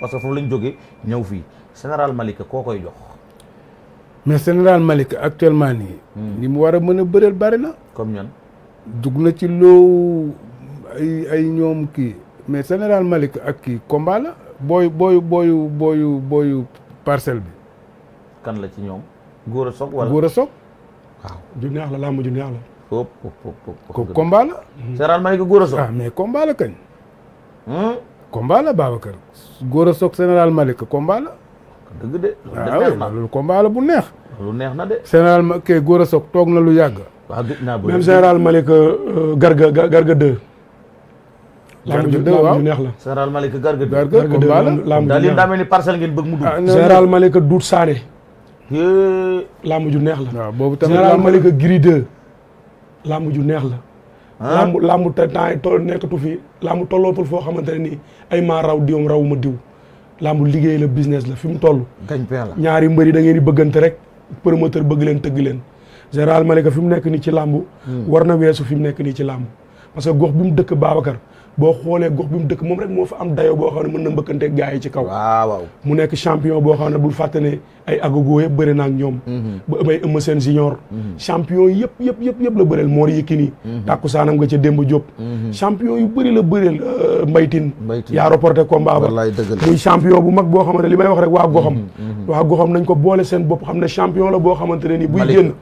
parce que foofu lañ jógee ñëw fii général Malika koo koy jox. mais général Malika actuellement nii. ni hmm. mu war a mën a bëreel bari na. comme ñan. dugg na ci loowu ay ay ñoom kii mais général Malika ak kii combat la booy booyu booyu booyu booyu parcelle bi. kan la ci ñoom. góor a soog wala góor a soog. waaw ju neex la làmb ju neex la. foofu foofu foofu. ko combat la. général Malika góor a soog. ah mais combat la kañ. Hmm? Kombala la Babacar goro sok general malik Malick combat la. dëgg de loolu combat ah la bu neex. lu neex na de. general malik goro sok tok na lu yag euh, Garga Garga 2. General Malik waaw neex Malik général Garga Garga 2 Ah? lamb lambu te temps yi toll nekkatu fi lamb tollootul foo xamante ne nii ay maa raw diwam raw ma diw lamb liggéey la business la fi mu toll ñaari mbëri da ngeen di bëggante rek promoteur bëgg leen tëgg leen général Malika fi mu nekk nii ci làmb hmm. war na weesu fi mu nekk nii ci làmb parce que gox bi mu dëkk kar boo xoolee gox bi mu dëkk moom rek moo fa am dayo boo xam ne mën na mbëkkante gars yi ci kaw waaw mu nekk champion boo xam ne bul fàtte ne ay agogo yëpp bëri na ak ñoom mhm. ba ëmay ëmma seen junior mhm. champion yëpp yëpp yëpp yëpp la bëreel moor Yékini mhm. tàkku saanam nga ca Demba Diop champion yu bëri la bëreel euh, mbaytin yaa reporté combat ba muy champion bu mag boo xam ne li may wax rek waa goxam waa goxam nañ ko boole seen bopp xam ne champion la boo xamante ne ni buy génn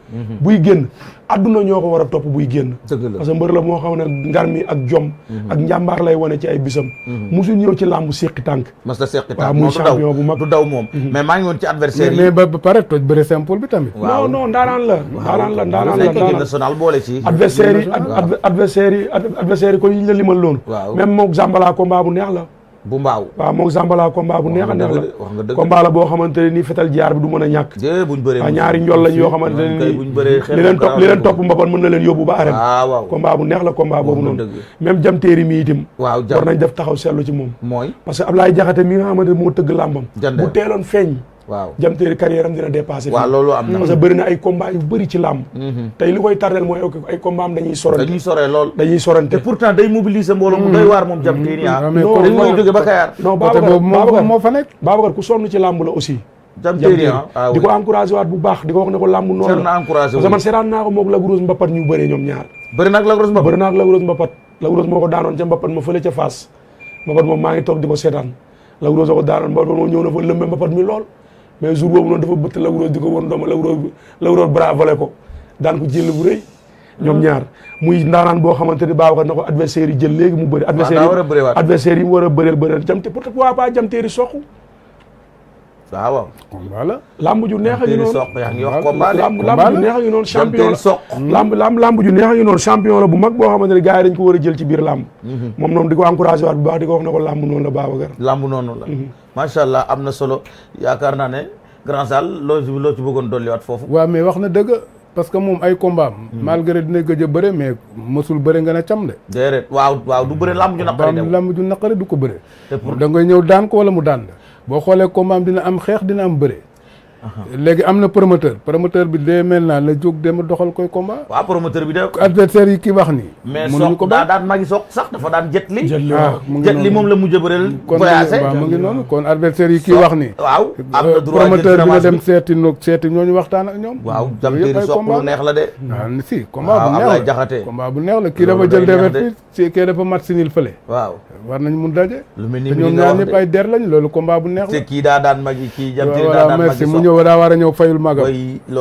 buy génn adduna ñoo ko war a topp buy génn parce que mbër la moo xam ne ngar mi ak jom mhm. ak njàmbaar lay wane ci ay bisam mhm. musul ñëw ci làmb séqi tànk mas ta séqi tànk waaw muy champion bu mag du daw moom mhm. mais maa ngi woon ci adversaire yi pare toj bëri simple bi tamit non non ndaanaan la ndaanaan la ndaanaan la ndaanaan national boole ci adversaire yi adversaire yi adversaire yi ko yiñ la limal loolu même bu neex la bu mbaaw waaw moog Zambala combat bu neex a neex la boo xamante ne nii jaar bi du mën a ñàkk waaw ñaari njol yoo xamante ne nii li leen topp li leen topp mbapat mën na leen yóbbu ba arène ah, waaw combat bu neex la combat boobu noonu même jam téeri mi waaw war nañ def taxaw seetlu ci moom mooy parce que Ablaye Jaxate mi nga xamante ne moo tëgg làmbam bu teeloon feeñ waaw Diam Terry carrière am dina dépassé. waaw lolu amna parce que bëri na ay combat yu bëri ci lamb tay li koy tardel moy ay combat am dañuy sorante. dañuy soré lool dañuy soranté pourtant day mobiliser mbolo mu doy war mom Diam Terry ah. mhm. ya non ko non jóge ba Kayar. non Babacar moo fa nek babakar ku sonu ci lamb la aussi. Diam Terry ah. ah, di ko encouragé waat bu baax diko wax ne ko lamb non la. encourager na encouragé parce que man seetaan naa ko moog Lac Rose Mbapat ñu bëree ñom ñaar. bëri nak la Lac Mbapat bëri nak la Lac Mbapat. la Rose moko daanon ci Mbapat ma feulé ci face Mbapat moom ma ngi tok diko sétane la Lac ko daanon Mbapat moom ñëw na fa lëmbe Mbapat mi lool mais jour boobu noonu dafa bëtt Lac Rose di ko won dooma Lac Rose Lac ko daan ko jël bu rëy ñoom hmm. ñaar muy ndaanaan boo xamante ni baawakat na ko adversaire yi jël léegi mu bëri adversaire ah, yi adversaire yi mu war a bëreel bëreel jam te pourtant waa ba jam teeri soq waaw lamb ju neex a ngi noonu soq yaa ngi lamb ju neex a ngi noonu champion la a bu mag boo xamante ne gars yi dañ ko war a jël ci biir lamb mhm. moom noonu di ko encouragé waat bu baax di ko wax ne ko lamb noonu la Babacar mhm. allah am na solo yaakaar naa ne grand sal loo loo ci bëggoon dolliwaat foofu waa mais wax na dëgg parce que moom ay combat am mhm. malgré dina gëj a bëre mais mësul bëre nga ne cam de déedéet waaw waaw du bëre lamb ju naqari lamb ju naqari du ko bëre da ngay ñëw daan ko wala mu daan la boo xoolee ko maam dina am xeex dina am bëre. Uh-huh. léegi am na promoteur promoteur bi dee mel naa la jóg dem doxal koy combat. waaw promoteur bi de. adversaire yi ki wax nii. mënuñu ko daa daan magi soog sax dafa daan jet li. jet li ah, moom la mujj a bëreel. voyagé kon mu ngi yi ki wax nii. waaw am na droit promoteur dem seeti noog waxtaan ak ñoom. waaw ah, bu neex la kii dafa jël defet si kii dafa mat sinil fële. waaw war nañ mun daje. lu ñoom ñaar ñëpp ay der lañ loolu combat bu neex la. kii daa daan magi kii jam teri war a war a ñëw fayul magam